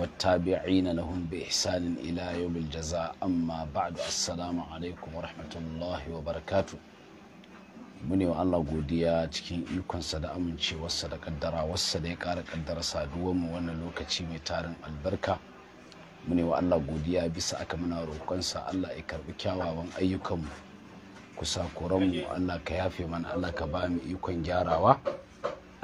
والتابعين لهم بإحسان إلى يوم الجزاء أما بعد السلام عليكم ورحمة الله وبركاته muni wa Allah godiya cikin ikonsa da amincewarsa da kaddara wasa da ya ƙara kaddara saduwarmu wannan lokaci mai tarin albarka muni wa Allah godiya bisa aka muna roƙonsa Allah ya karbi kyawawan ayyukanmu kusa kuranmu Allah ka yafe mana Allah ka ba mu ikon gyarawa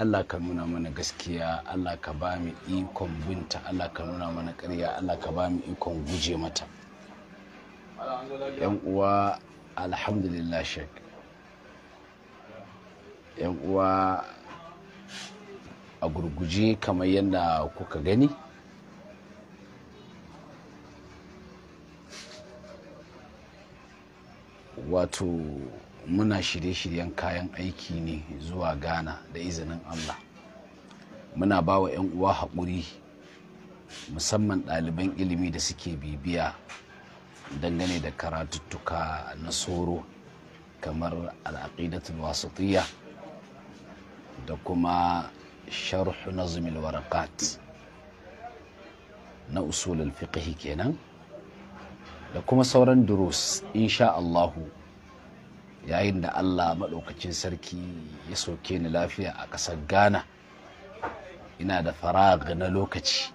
Allah ka nuna mana gaskiya Allah ka ba mu ikon binta Allah ka nuna mana ƙarya Allah ka ba mu ikon guje mata yan uwa alhamdulillah shek yan uwa a gurguje kamar yadda kuka gani wato muna shirye-shiryen kayan aiki ne zuwa ghana da izinin allah muna ba wa 'yan uwa haƙuri musamman ɗaliban ilimi da suke bibiya dangane da karatuttuka na soro kamar al'aqidatul wasatiyya da kuma sharhu zumil warakat na usulul fiqhi kenan da kuma sauran durus insha Allahu yayin da allah maɗaukacin sarki ya soke ni lafiya a ƙasar ghana ina da faraga na lokaci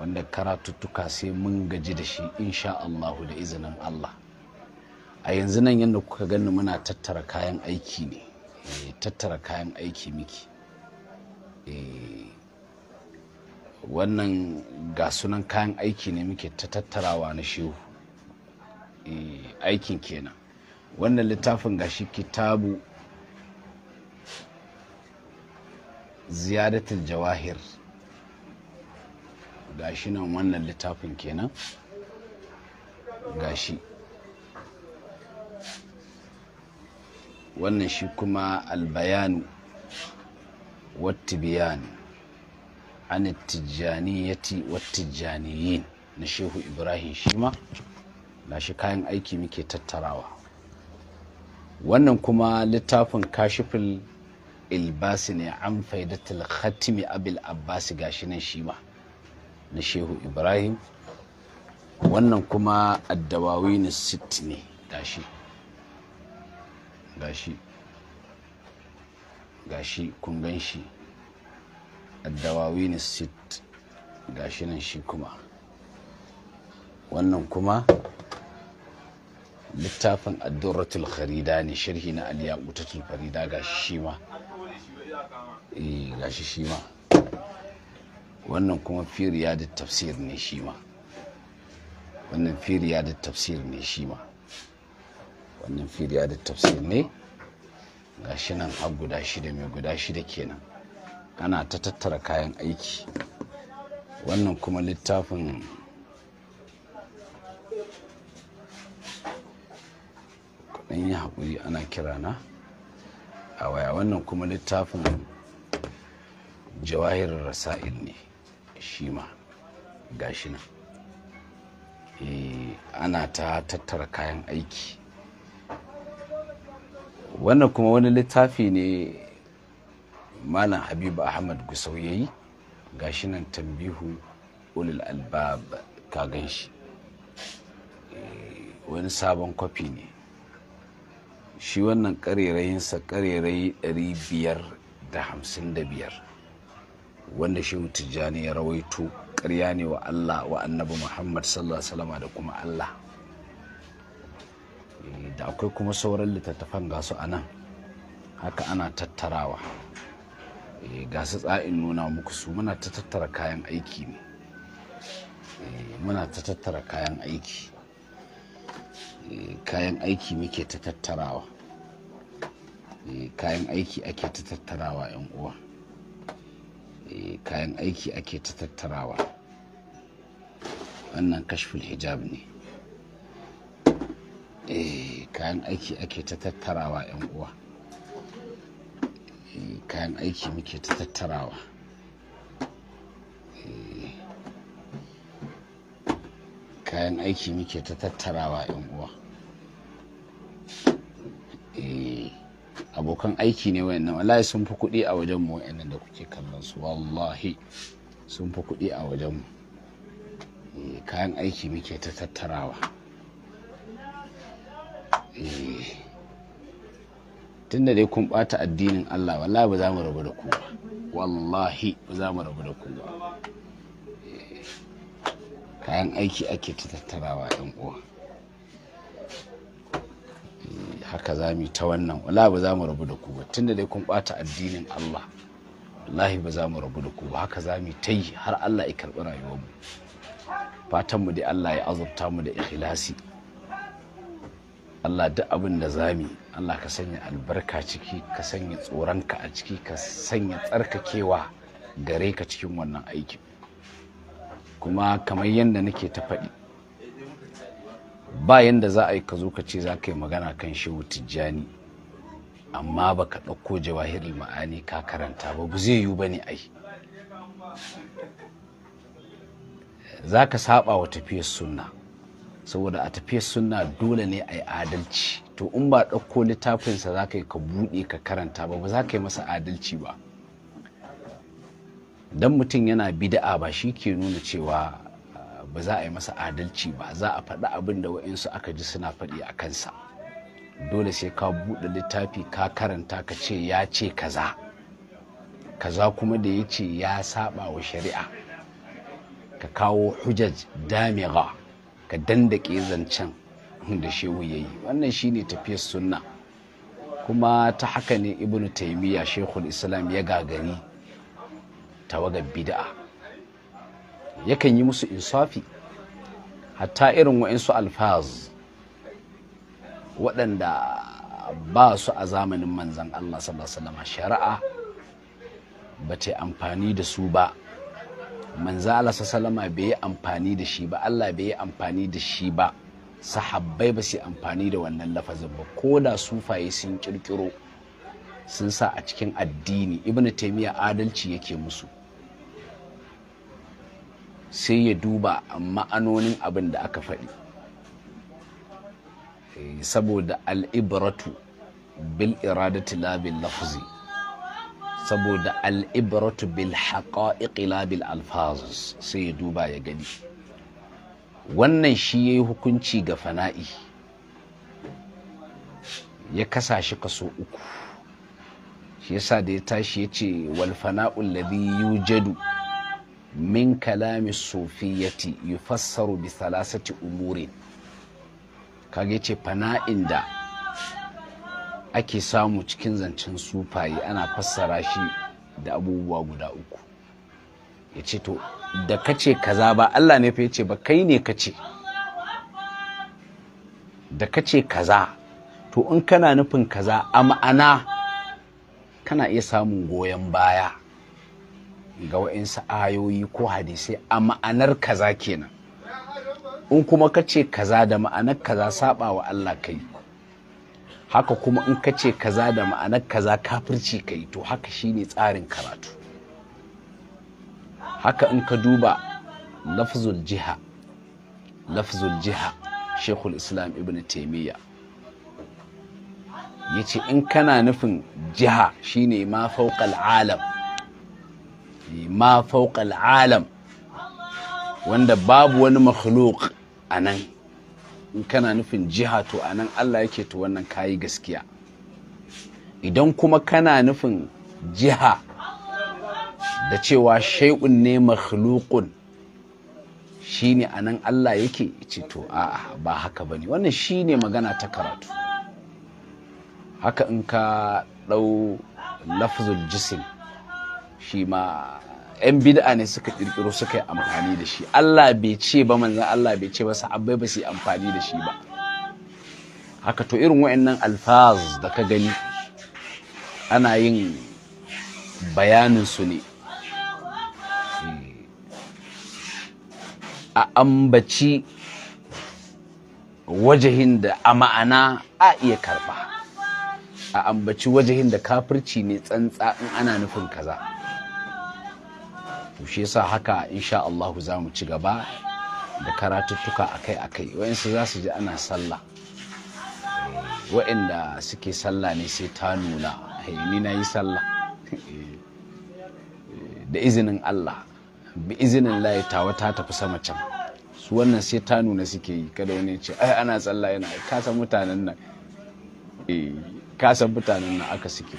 wanda karatuttuka sai mun gaji da shi insha allahu da izinin allah a yanzu nan yadda kuka gani muna tattara kayan aiki ne eh, tattara kayan aiki miki eh, wannan ga sunan kayan aiki ne muke ta tattarawa na shehu eh, aikin kenan wannan littafin gashi kitabu ziyadatul jawahir gashi nan wannan littafin kenan gashi wannan shi kuma albayanu wattibiyan an tijjaniyati wattijjaniyin na shehu ibrahim shima gashi kayan aiki muke tattarawa wannan kuma littafin kashifin ilbasi ne an faidatul khatimi abil abbasi gashi nan shi ma na shehu ibrahim wannan kuma addawawi na sit ne gashi gashi gashi kun gan shi addawawi na sit gashi nan shi kuma wannan kuma littafin addurratul kharida ne sharhi na aliya utatul farida ga shi ma eh, ga shi shi ma wannan kuma firiya da tafsir ne shi ma wannan firiya da tafsir ne shi ma wannan firiya da tafsir ne ga shi nan har guda shida mai guda shida kenan ana ta tattara kayan aiki wannan kuma littafin ɗan yi hakuri ana kirana a waya wannan kuma littafin jawahir rasa'il ne shi ma gashi nan eh, ana ta tattara kayan aiki wannan kuma wani littafi ne malam habibu ahmad gusau ya yi gashi nan tambihu ulil albab ka gan shi eh, wani sabon kwafi ne shi wannan ƙarerayinsa ƙarerayi 555 wanda shi tijjani ya rawaito ƙarya ne wa allah wa annabi muhammad sallallahu da kuma allah eh, da akwai kuma sauran littattafan gasu a nan haka ana tattarawa eh, ga su tsa'in nuna muku su muna ta tattara kayan aiki ne eh, muna ta tattara kayan aiki kayan aiki muke ta tattarawa eh, kayan aiki ake ta tattarawa 'yan uwa eh, kayan aiki ake ta tattarawa wannan kashful hijab ne eh, kayan aiki ake ta tattarawa 'yan uwa kayan aiki muke ta tattarawa kayan aiki muke ta tattarawa 'yan uwa eh, abokan aiki ne wayannan wallahi sun fi kuɗi a wajen mu wayannan da kuke kallon su wallahi sun fi kuɗi a wajen mu eh, kayan aiki muke ta tattarawa eh, tunda dai kun ɓata addinin Allah wallahi ba za mu rabu da ku ba wallahi ba za mu rabu da ku ba kayan aiki ake ta tattarawa yan uwa eh, haka za mu ta wannan wala ba za mu rabu da ku ba tunda dai kun bata addinin Allah wallahi ba za mu rabu da ku ba haka za mu ta yi har Allah ya karɓi rayuwar mu fatan mu dai Allah ya azurta mu da ikhlasi Allah duk abin da za mu Allah ka sanya albarka ciki ka sanya tsoronka a ciki ka sanya tsarkakewa gare ka cikin wannan aikin kuma kamar yadda nake ta faɗi ba yadda za a yi ka zo ka ce za ka yi magana kan shehu tijjani amma ba ka ɗauko jawahirul ma'ani ka karanta ba ba zai yiwu ba ne ai za ka saba wa tafiyar sunna saboda a tafiyar sunna dole ne a yi adalci to in ba ɗauko littafinsa za ka yi ka buɗe ka karanta ba ba za ka yi masa adalci ba don mutum yana bida'a ba shi ke nuna cewa uh, ba za a yi masa adalci ba za a faɗi abin da wa'insu aka ji suna faɗi a kansa dole sai ka buɗe littafi ka karanta ka ce ya ce kaza kaza kuma da ya ce ya saba wa shari'a ka kawo hujjaj damiga ka dandake zancen da shehu ya yi wannan shine tafiyar sunna kuma ta haka ne ibnu taimiyya shehul islam ya gagari tawagar bid'a yakan yi musu insafi hatta irin wa'insu alfaz waɗanda ba su a zamanin manzan Allah sallallahu shari'a ba ta amfani da su ba manzan Allah sallallahu bai yi amfani da shi ba Allah bai yi amfani da shi ba sahabbai ba su amfani da wannan lafazin ba ko da sufaye sun kirkiro sun sa a cikin addini ibnu taymiya adalci yake musu sai ya duba ma'anonin abin da aka faɗi eh, saboda al'ibratu bil iradati labin lafzi saboda al'ibratu bil haƙa'iƙi labil alfazus sai ya duba ya gani wannan shi ya hukunci ga fana'i ya kasa shi kaso uku shi yasa da ya tashi ya ce wal fana'ul ladhi yujadu min kalami sufiyati yufassaru bi salasati umurin kage ce fana da ake samu cikin zancen sufaye ana fassara shi da abubuwa guda uku ya ce to da kace kaza ba Allah ne fa ya ce ba kai ne kace da kace kaza to in kana nufin kaza a ma'ana kana iya samun goyon baya ga wa'insu ayoyi ko hadisai a ma'anar kaza kenan in kuma ka ce kaza da ma'anar kaza saba wa Allah kai haka kuma in ka ce kaza da ma'anar kaza kafirci kai to haka shine tsarin karatu haka in ka duba lafzul jiha lafzul jiha shekul islam ibn taimiyya ya ce in kana nufin jiha shine ma fauƙal alam ma fauƙal alam wanda babu wani makhluk a nan in kana nufin jiha to a nan Allah yake to wannan kayi gaskiya idan kuma kana nufin jiha da cewa shai'un ne makhlukun shi ne a nan Allah yake ce to a'a ba haka ba ne wannan shi ne magana ta karatu haka in ka ɗau lafzul jisim shi ma yan bid'a ne suka ƙirƙiro suka yi amfani da shi Allah bai ce ba manzan Allah bai ce ba abai ba su yi amfani da shi ba haka to irin wa'annan alfaz da ka gani ana yin bayanin su ne a ambaci wajahin da a ma'ana a iya karba a ambaci wajahin da kafirci ne tsantsa in ana nufin kaza. to shi yasa haka insha Allahu za mu ci gaba da karatuttuka akai-akai wa'insu za su ji ana sallah eh, wa'inda suke sallah ne sai ta nuna eh, ni na yi sallah eh, da izinin Allah bi izinin layi ta ta tafi sama can su wannan sai ta nuna suke yi kada wani ce ai ana sallah yana kasa mutanen nan kasa mutanen nan aka suke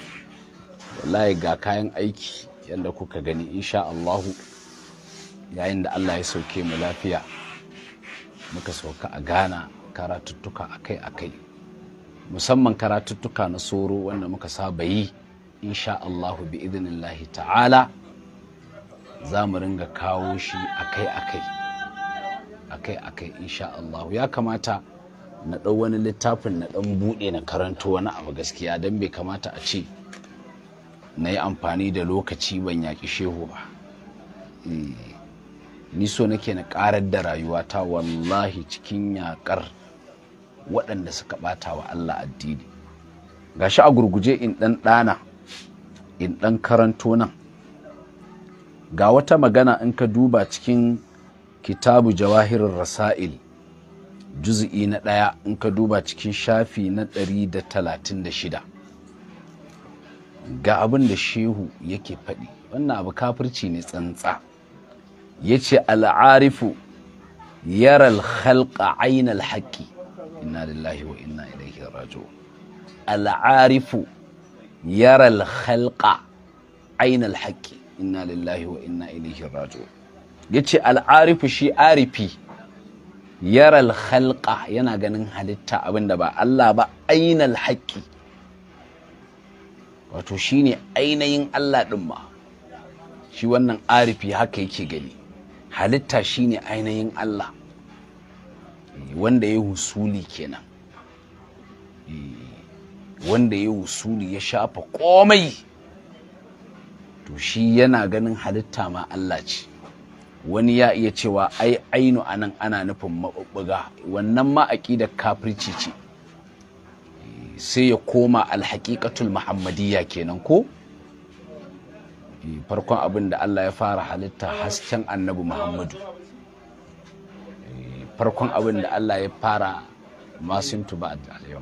wallahi ga kayan aiki yadda kuka gani insha Allahu yayin da Allah ya sauke mu lafiya muka sauka a gana karatuttuka akai-akai musamman karatuttuka na soro wanda muka saba yi insha Allahu bi idinillahi ta'ala za mu ringa kawo shi akai-akai akai-akai insha Allahu ya kamata na ɗau wani littafin na ɗan buɗe na karanto wani abu gaskiya don bai kamata a ce na yi amfani da lokaci ban yaƙi shehu ba eh, ni so nake na ƙarar da rayuwa ta wallahi cikin yaƙar waɗanda suka ɓata wa Allah addini gashi a gurguje in ɗan ɗana in ɗan karanto nan ga wata magana in ka duba cikin kitabu jawahirin rasa'il juzi'i na ɗaya in ka duba cikin shafi na ɗari da talatin da shida ga abin da shehu yake faɗi wannan abu kafirci ne tsantsa ya ce al'arifu yaral halka ainihin haƙƙi inna lillahi wa ina ilaihi rajo al'arifu yaral halka ainihin haƙƙi inna lillahi wa ina ilaihi rajo ya ce al'arifu shi arifi yaral halka yana ganin halitta abinda ba Allah ba ainihin haƙƙi wato shine ainihin Allah ɗin ma shi wannan arifi haka yake gani halitta shine ainihin Allah eh, wanda ya husuli kenan eh, wanda ya husuli ya shafa komai to shi yana ganin halitta ma Allah ce wani ya iya cewa ai ainu anan ana nufin maɓuɓɓuga wannan ma aƙidar kafirci ce sai ya koma alhaƙiƙatul muhammadiyya kenan ko eh, farkon abin da Allah ya fara halitta hasken annabi muhammadu eh, farkon abin da Allah ya fara masintu tuba da yau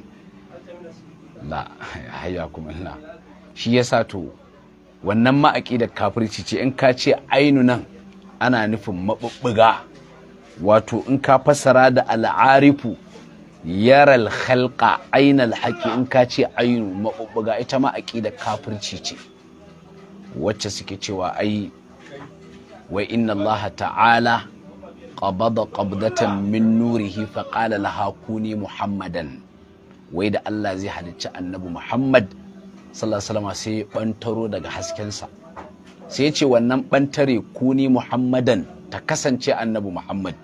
la haya kuma la shi ya sa to wannan da kafirci ce in ka ce ainu nan ana nufin maɓuɓɓuga wato in ka fassara da al'arifu yaral khalqa ainal haƙi in ka ce ainu maɓuɓɓuga ita ma aƙida kafirci ce wacce suke cewa ai wa inna Allah ta'ala qabada qabdatan min nurihi fa qala laha kuni muhammadan wai da Allah zai halicci annabi muhammad sallallahu alaihi sai bantaro daga haskensa sai ce wannan bantare kuni muhammadan ta kasance annabi muhammad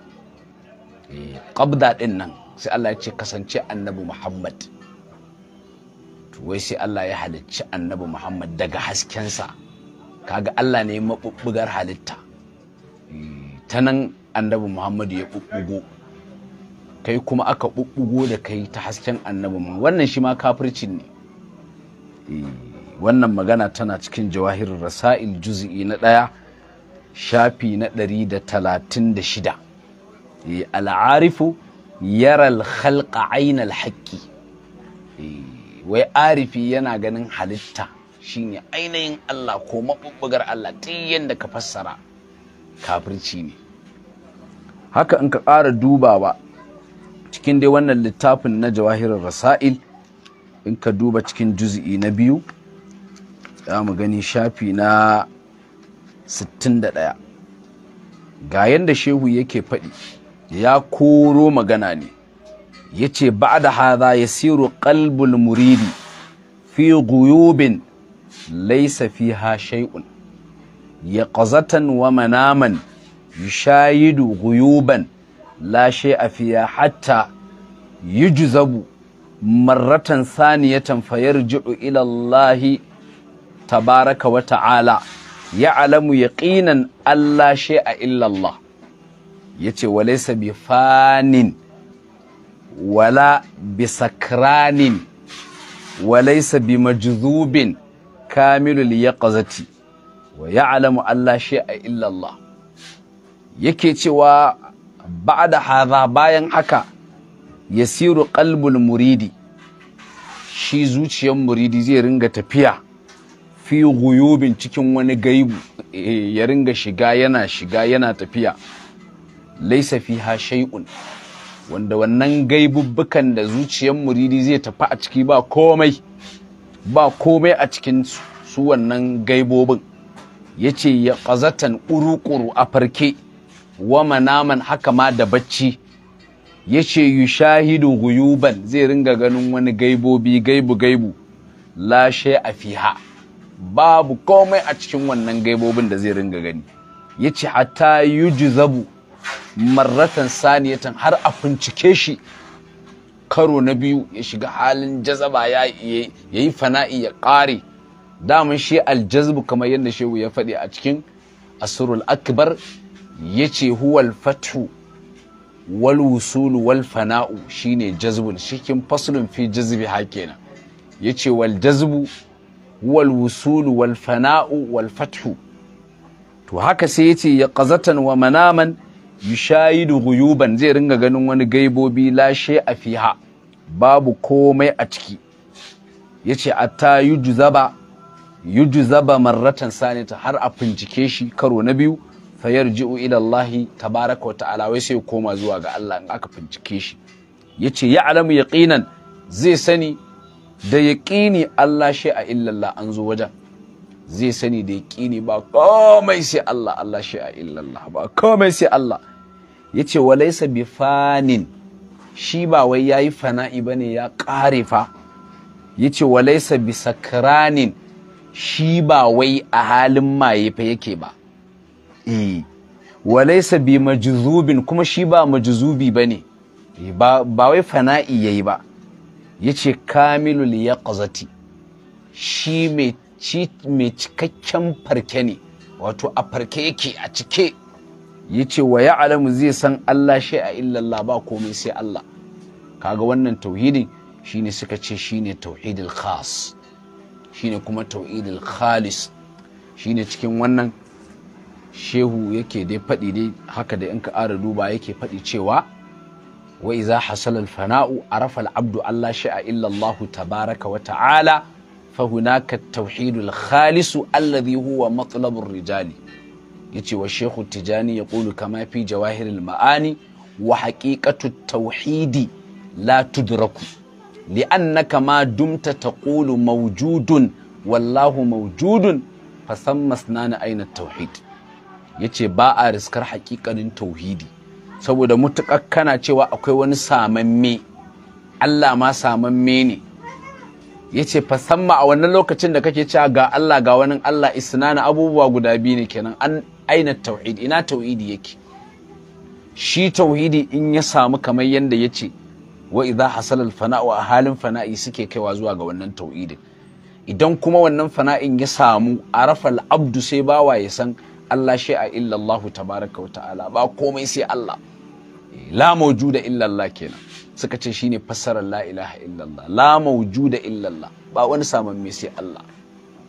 eh, qabda din nan sai Allah ya ce kasance annabi Muhammad to wai sai Allah ya halicci annabi Muhammad daga haskensa kaga Allah ne mabubbugar halitta eh, ta nan annabi Muhammad ya bubbugo kai kuma aka bubbugo da kai ta hasken annabi Muhammad wannan shi ma kafircin ne eh, wannan magana tana cikin jawahirin rasa'il juz'i na ɗaya shafi na ɗari da talatin da shida eh, al'arifu yaral khalqa ainal haqqi wai arifi yana ganin halitta shine ainihin Allah ko mabubbugar Allah tun yadda ka fassara kafirci ne haka in ka ƙara dubawa cikin dai wannan littafin na jawahirar rasail in ka duba cikin juzi'i na biyu za mu gani shafi na 61 ga yadda shehu yake faɗi ya koro magana ne ya ce ba da haza ya siru kalbul muridi fi guyubin laisa fi ha shai'un ya ƙazatan wa manaman yushayidu guyuban lashai a fiya hatta yujzabu marratan saniyatan fayarji'u ila Allah tabaraka wa ta'ala ya'lamu yaqinan alla shay'a illa Allah ya ce walaisa bi fanin wala bi sakranin walaisa bi majzubin kamilul yaqazati wa ya'lamu Allah shay'a illa Allah yake cewa ba'da hadha bayan haka yasiru qalbul muridi shi zuciyar muridi zai ringa tafiya fi guyubin cikin wani gaibu eh, ya ringa shiga yana shiga yana tafiya laisa fiha shay'un wanda wannan gaibubbukan da zuciyar muridi zai tafi a ciki ba komai ba komai a cikin su wannan gaibobin yace ya qazatan ƙuruƙuru a farke wa manaman haka ma da bacci yace yushahidu guyuban zai ringa ganin wani gaibobi gaibu gaibu la a fiha babu komai a cikin wannan gaibobin da zai ringa gani yace hatta yujzabu marratan saniyatan har a bincike shi karo na biyu ya shiga halin jazaba ya yi fana'i ya ƙare daman shi aljazbu kamar yadda shehu ya faɗi a cikin asrul akbar ya ce huwal fathu wal wusulu wal fana'u shine jazbun cikin faslun fi jazbi ha kenan ya ce wal jazbu huwal wusulu wal fana'u wal fathu to haka sai ya ce ya qazatan wa manaman da huyuban zai ringa ganin wani gaibobi lashe a fiha babu komai a ciki yace atta yi juzaba marratan sanita har a fincike shi karo na biyu fayar ji'u ila ta baraka wa ta'ala wai sai koma zuwa ga Allah in aka fincike shi yace ya yaƙinan zai sani da yaƙini Allah shi a illallah an zo wajen zai sani da yaƙini ba komai sai Allah Allah shi a illallah ba komai sai Allah ya ce walaisa bi shi ba wai ya yi fana'i ba ne ya ƙare fa ya ce walaisa sakranin shi ba wai a halin maye fa yake ba e eh. walaisa bi majuzubin kuma shi ba majuzubi ba ne eh, ba wai fana'i ya yi ba ya ce kamilul ya shi mai cikakken farke ne wato a farke yake a cike ya ce wa ya alamu zai san Allah shi a illallah ba komai sai Allah kaga wannan tauhidin shine suka ce shine tauhidil khas shine kuma tauhidil khalis shine cikin wannan shehu yake dai faɗi dai haka da in ka ƙara duba yake faɗi cewa wa iza hasala fana'u arafa al-abdu Allah sha'a illa Allah tabaraka wa ta'ala fa hunaka tauhidul khalisu alladhi huwa matlabur rijali yace wa shehu tijani ya ƙulu kama fi jawahiril ma'ani wa haƙiƙatu tauhidi la tudraku li'annaka ma dumta ta taqulu mawjudun wallahu mawjudun fasan masnana aina tauhid yace ba a riskar haƙiƙanin tauhidi saboda mutuƙar kana cewa akwai wani samamme Allah ma samamme ne yace fa a wannan lokacin da kake cewa ga Allah ga wani Allah isna isnana abubuwa guda biyu ne kenan an aina tauhid ina tauhidi yake shi tauhidi in ya samu kamar yanda yace wa idza hasala al fana wa halin fana'i suke kaiwa zuwa ga wannan tauhidin idan kuma wannan fana'in ya samu arafa al abdu sai bawa ya san Allah shi a illallahu tabaraka wa ta'ala ba komai sai Allah eh, la mawjuda illa Allah kenan suka ce shine fassarar la ilaha illallah la mawjuda illallah ba wani mai sai Allah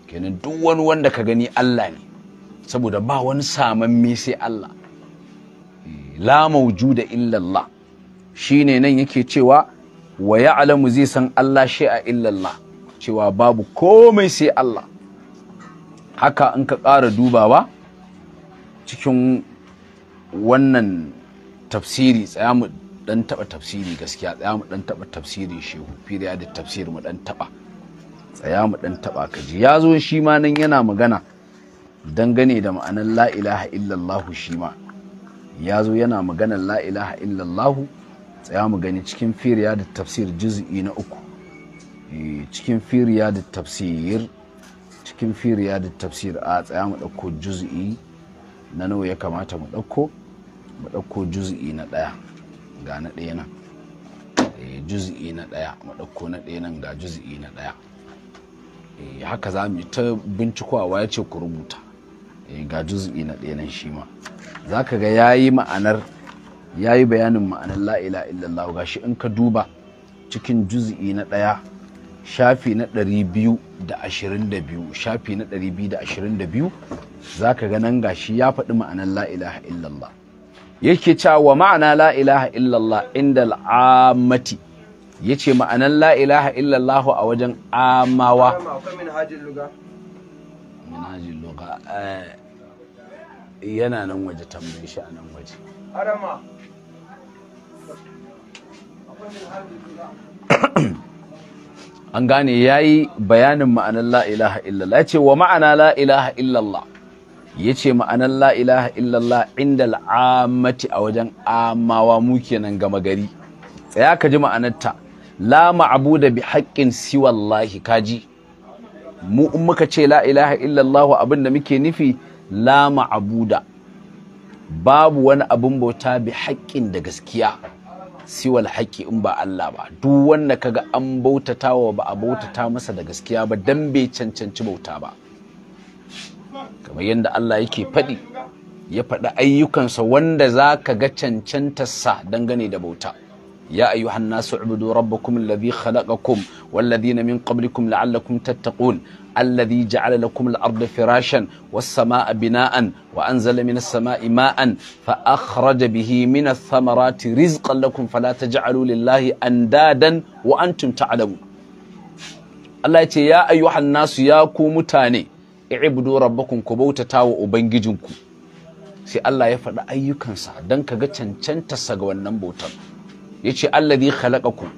kenan duk wani wanda ka gani Allah ne saboda ba wani mai sai Allah eh, la mawjuda illallah shine nan yake cewa wa ya'lamu zai san Allah a illallah cewa babu komai sai Allah haka in ka ƙara dubawa cikin wannan tafsiri tsaya dan taba tafsiri gaskiya tsaya mu dan taba tafsirin shehu firiya da tafsir mu dan taba tsaya mu dan taba kaji ya zo shi ma nan yana magana dangane da ma'anar la ilaha illallah shi ma ya zo yana magana la ilaha illallah tsaya mu gani cikin firiya da tafsir juz'i na uku eh, cikin firiya da tafsir cikin firiya da tafsir a tsaya mu ɗauko juz'i na nawa ya kamata mu ɗauko mu dauko juz'i na ɗaya ga na ɗaya nan eh, juz'i na ɗaya maɗauko na ɗaya nan ga juz'i na ɗaya eh, haka za mu ta bincikowa ya ce ku rubuta eh, ga juz'i na ɗaya nan shi ma za ka ga ya yi ma'anar ya bayanin ma'anar la'ila illallah ga shi in ka duba cikin juz'i na ɗaya shafi na 222 shafi na 222 za ka ga nan gashi ya faɗi ma'anar laila illallah yake cewa wa ma'ana la ilaha illallah inda al'amati ya ce ma'anan la ilaha illallah a wajen amawa eh, yana nan waje tambaye shi a nan waje an gane ya yi bayanin ma'anan la ilaha illallah ya ce wa ma'ana la ilaha illallah ya ce ma'anar la ilaha illallah inda al'amati a wajen amawa mu kenan gama gari tsaya ka ji ma'anarta la ma'abuda bi haƙƙin siwallahi kaji mu in muka ce la ilaha illallah abin da muke nufi la ma'abuda babu wani abin bauta bi haƙƙin da gaskiya siwal haƙƙi in ba Allah ba duk wanda kaga an bautatawa ba a bautata masa da gaskiya ba dan bai cancanci bauta ba kamar yadda Allah yake faɗi ya faɗi ayyukansa wanda za ka ga cancantarsa dangane da bauta ya ayu hanna su ubudu rabbakum alladhi khalaqakum wallazi na min qablikum la'allakum tattaqun alladhi ja'ala lakum al-ardha firashan was-samaa'a bina'an wa anzala min as-samaa'i ma'an fa akhraja bihi min ath-thamarati rizqan lakum fala taj'alu lillahi andadan wa antum ta'lamun Allah ya ce ya ayu hanna su ya ku mutane i'budu rabbakum ku bautata wa ubangijinku sai Allah ya faɗi ayyukansa don ka ga cancantarsa ga wannan bautar ya ce ku. khalaqakum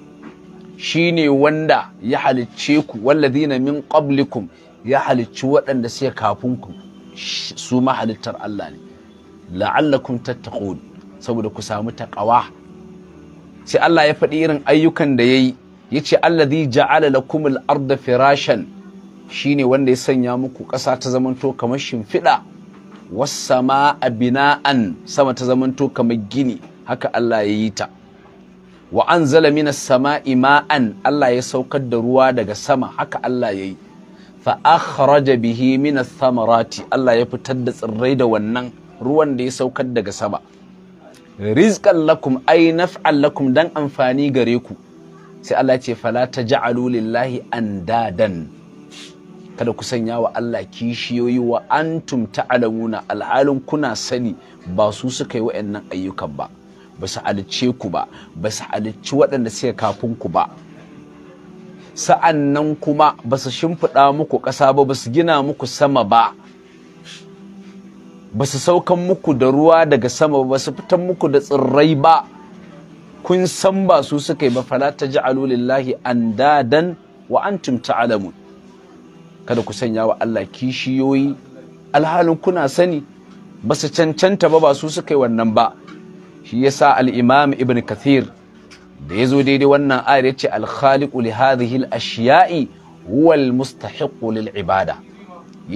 shine wanda ya halicce ku wallazina min qablikum ya halicci waɗanda sai kafin ku su mahalittar Allah ne la'allakum tattaqun saboda ku samu taqawa sai Allah ya faɗi irin ayyukan da yayi yace allazi ja'ala lakumul arda firashan shine wanda ya sanya muku ƙasa ta zamanto kamar shimfiɗa ma a bina'an sama ta zamanto kamar gini haka Allah ya yi ta wa an zala mina sama ima'an Allah ya saukar da ruwa daga sama haka Allah ya yi fa akhraja bihi mina samarati Allah ya fitar da tsirrai da wannan ruwan da ya saukar daga sama rizqan lakum ay naf'an lakum dan amfani gare ku sai Allah ce fala ja'alu lillahi andadan kada ku sanya wa Allah kishiyoyi wa antum ta'alamuna alhalin kuna sani ba su suka yi wa'annan ayyukan ba ba su alice ku ba ba su alice waɗanda suka kafin ku ba Sa'annan kuma ba su shimfiɗa muku ƙasa ba ba su gina muku sama ba ba su saukan muku da ruwa daga sama ba su fitan muku da tsirrai ba kun san ba su suka yi ba fala ta ji lillahi an dadan wa antum ta'alamun kada ku sanya wa Allah kishiyoyi alhalin kuna sani ba su cancanta ba ba su suka yi wannan ba shi ya sa al’imam ibn kathir da ya zo daidai wannan ayar yace alhaliku li hadhihi ashiyai huwa mustahiqu lil ibada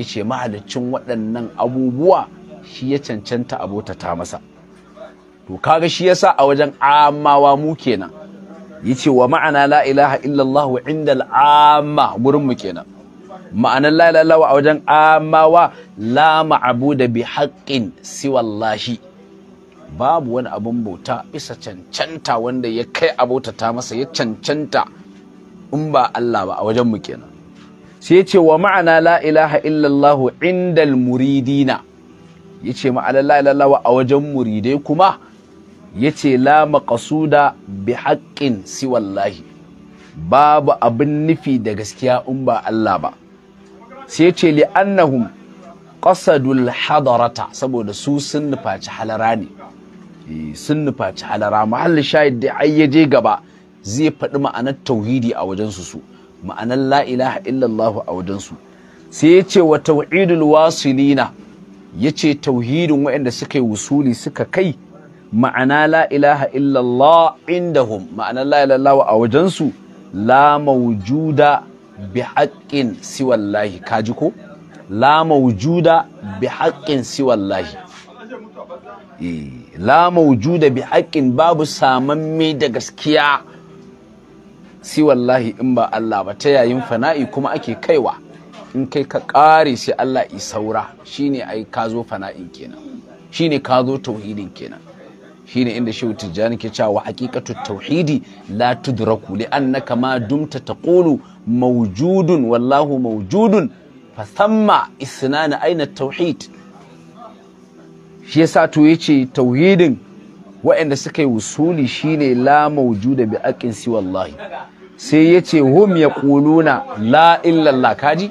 ce mahalicin waɗannan abubuwa shi ya cancanta ta masa to kaga shi ya sa a wajen amawa mu kenan ce wa ma'ana la ilaha illallah wa inda al'amma gurin mu kenan ma'anar la ilaha a wajen amawa la ma'abuda bi haqqin siwallahi babu wani abun bauta bisa cancanta wanda ya kai abotata masa ya cancanta in ba Allah ba a wajen mu kenan sai ya ce wa ma'ana la ilaha illallahu indal muridina ya ce ma'anar la ilaha a wajen muridai kuma ya ce la maqasuda bi haqqin siwallahi babu abin nufi da gaskiya in ba Allah ba sai ya ce li'annahum qasadul hadarata saboda su sun nufaci halara ne eh, sun nufaci halara mahallin shahid da ai ya je gaba zai faɗi ma'anar tauhidi a wajen su su ma'anar la ilaha illallah a wajen su sai ya ce wa tauhidul wasilina ya ce tauhidin waɗanda suka yi wusuli suka kai ma'ana la ilaha illallah indahum ma'anar la ilaha a su la mawjuda bi haƙƙin siwallahi kaji ko la mawjuda bi haƙƙin siwallahi eh, la mawjuda bi haƙƙin babu saman me da gaskiya siwallahi in ba Allah ba ta yayin fana'i kuma ake kaiwa in kai ka ƙare sai Allah i saura shine ai ka zo fana'in kenan shine ka zo tauhidin kenan shine inda shehu tijjani ke cewa haqiqatu tauhidi la tudraku li annaka ma dumta taqulu maujudun wallahu maujudun fasamma isnani aina tauhid shi yasa to yace tauhidin waɗanda suka yi wusuli shine la maujuda bi aqin si wallahi sai yace hum yaquluna la illallah kaji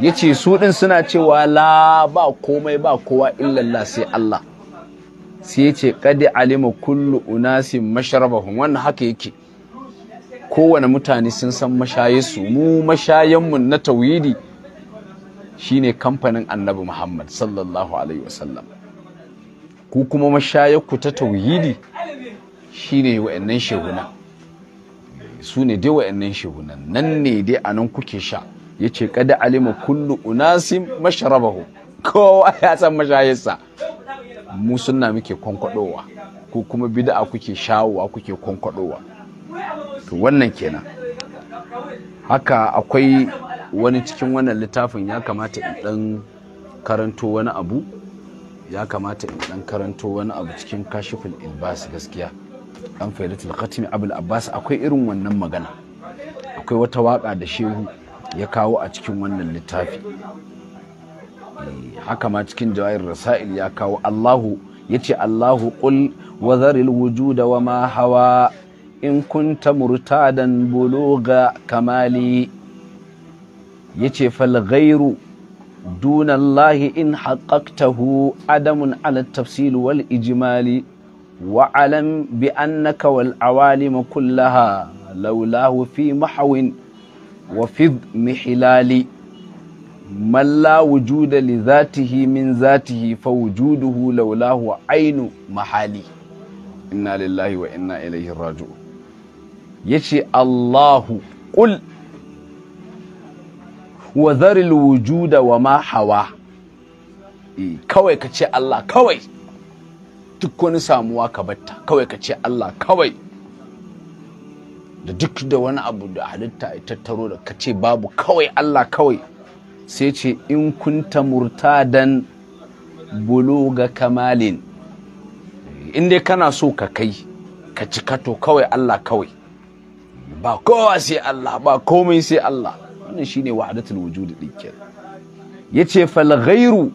yace su din suna cewa la ba komai ba kowa illallah sai Allah sai yace qad alima kullu unasi mashrabahum wannan haka yake kowane mutane sun san mashayinsu mu mashayanmu na tawhidi shine kamfanin annabi muhammad sallallahu alaihi wasallam ku kuma mashayarku ta tauhidi shine wa'annan shehuna su ne dai wa'annan shehunan nan ne dai a nan kuke sha ya ce kada alima kullu unasim masharabahu kowa ya san mashayarsa mu suna muke kwankwadowa ko kuma bid'a kuke shawowa kuke kwankwadowa to wannan kenan haka akwai wani cikin wannan littafin ya kamata in dan karanto wani abu ya kamata in dan karanto wani abu cikin kashiful ilbas gaskiya an faidatul khatimi abul abbas akwai irin wannan magana akwai wata waka da shehu ya kawo a cikin wannan littafi eh, haka ma cikin jawahir rasail ya kawo allahu yace allahu qul wa dharil wujuda wa ma hawa in kun ta murtadan buluga kamali yace falgairu dunallahi in haƙaƙtahu adamun tafsil wal ijimali wa alam bi annaka wal awali kullaha laulahu fi mahawin wa fi mihilali malla wujuda li zatihi min zatihi fa wujuduhu laulahu ainu muhali. inna lillahi wa inna ilaihi raji'un ya ce Allahu ƙul wa zaril wujuda wa ma hawa eh, kawai ka ce Allah kawai duk wani samuwa ka batta kawai ka ce Allah kawai da duk da wani abu da halitta a tattaro da ka ce babu kawai Allah kawai sai ce in kunta murtadan ga kamalin eh, in dai kana so ka kai ka cika to kawai Allah kawai ba kowa sai Allah ba komai sai Allah wannan shine wahdatul wujud din kenan yace fal ghairu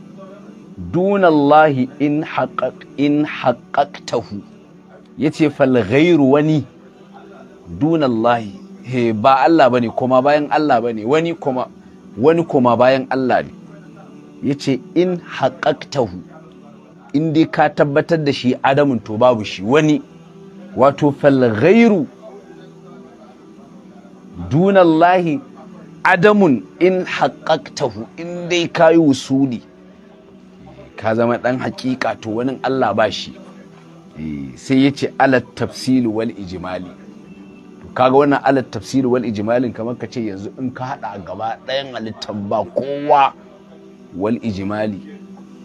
dun Allah in haqqaq in haqqaqtahu yace fal ghairu wani dun Allah he ba Allah bane kuma bayan Allah bane wani kuma wani kuma bayan Allah ne yace in haqqaqtahu in dai ka tabbatar da shi adamun to babu shi wani wato fal ghairu dunallahi adamun in haƙaƙtahu in dai ka yi wusuli ka zama ɗan haƙiƙa to wani Allah ba shi eh, sai ya ce alat tafsili wal ijimali kaga wannan alat tafsili wal ijimalin kamar ka ce yanzu in ka haɗa gaba ɗayan halittar ba kowa wal ijimali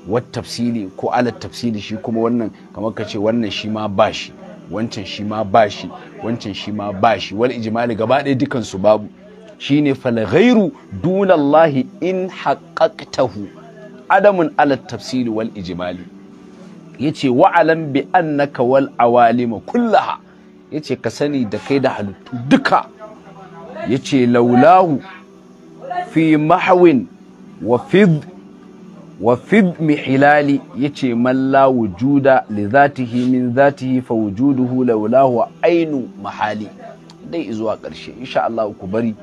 wat tafsili ko alat tafsili shi kuma wannan kamar ka ce wannan shi ma ba shi wancan shi ma ba shi wancan shi ma ba shi wal ijmali gaba ɗaya dukansu babu shine fal ghairu dunallahi in haqqaqtahu adamun ala tafsiri wal ijmali yace wa'alam bi annaka wal awalima kullaha yace ka sani da kai da halittu duka yace laulahu fi mahawin wa wa mi hilali ya ce malla wujuda li zatihi min zatihi fa wujuduhu laulahu ainu mahali dai zuwa ƙarshe insha Allah ku bari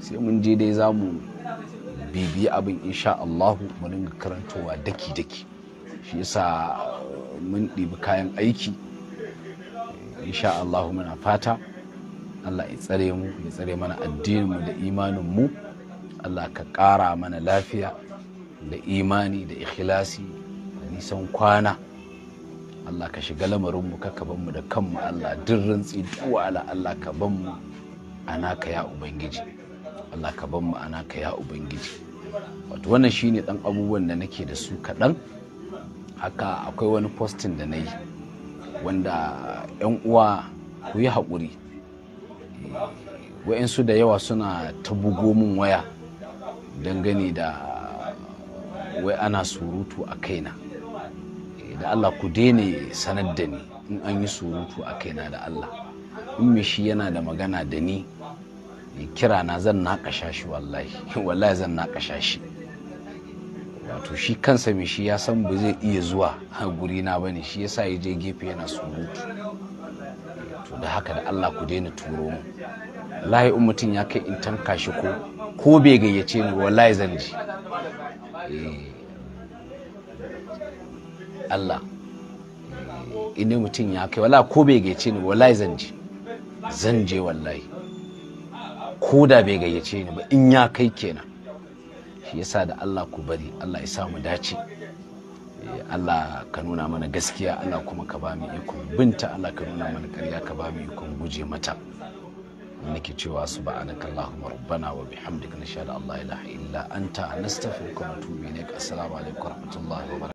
sai mun je dai za mu bibiyi abin insha Allah mu dinga karantowa daki daki shi yasa mun ɗibi kayan aiki insha Allah muna fata Allah ya tsare mu ya tsare mana addinin mu da imanin mu Allah ka ƙara mana lafiya da imani da ikhlasi da nisan kwana Allah ka shiga lamarinmu ka ka mu da kanmu Allah duk rantsi duwa ala Allah ka banmu a ya Ubangiji Allah ka banmu a ya Ubangiji wato wannan shine dan abubuwan da nake da su kaɗan haka akwai wani postin da na yi wanda 'yan uwa ku yi haƙuri eh, wa'insu da yawa suna ta bugo min waya dangane da wai ana surutu a kaina eh, da Allah ku daina sanar da ni in an yi surutu a kaina da Allah in me shi yana da magana da ni eh, kira na zan naƙasha shi wallahi wallahi zan naƙasha shi wato shi kansa me shi ya san ba zai iya zuwa guri na bane shi yasa ya je gefe yana surutu eh, to da haka da Allah ku daina turo mu wallahi in mutum ya kai in tanka shi ko ko bai gayyace ni wallahi zan ji Allah ina mutum ya kai wala ko bai gaice ni wallahi zan je wallahi ko da bai gayyace ni ba in ya kai kenan shi yasa da Allah ku bari Allah ya sa mu dace eh, Allah ka nuna mana gaskiya Allah kuma ka ba mu ikon binta Allah ka nuna mana ƙarya ka ba mu ikon guje mata nake cewa subhanaka allahumma rabbana wa bihamdika nashhadu an la ilaha illa anta nastaghfiruka wa natubu ilaik assalamu alaikum wa rahmatullahi wa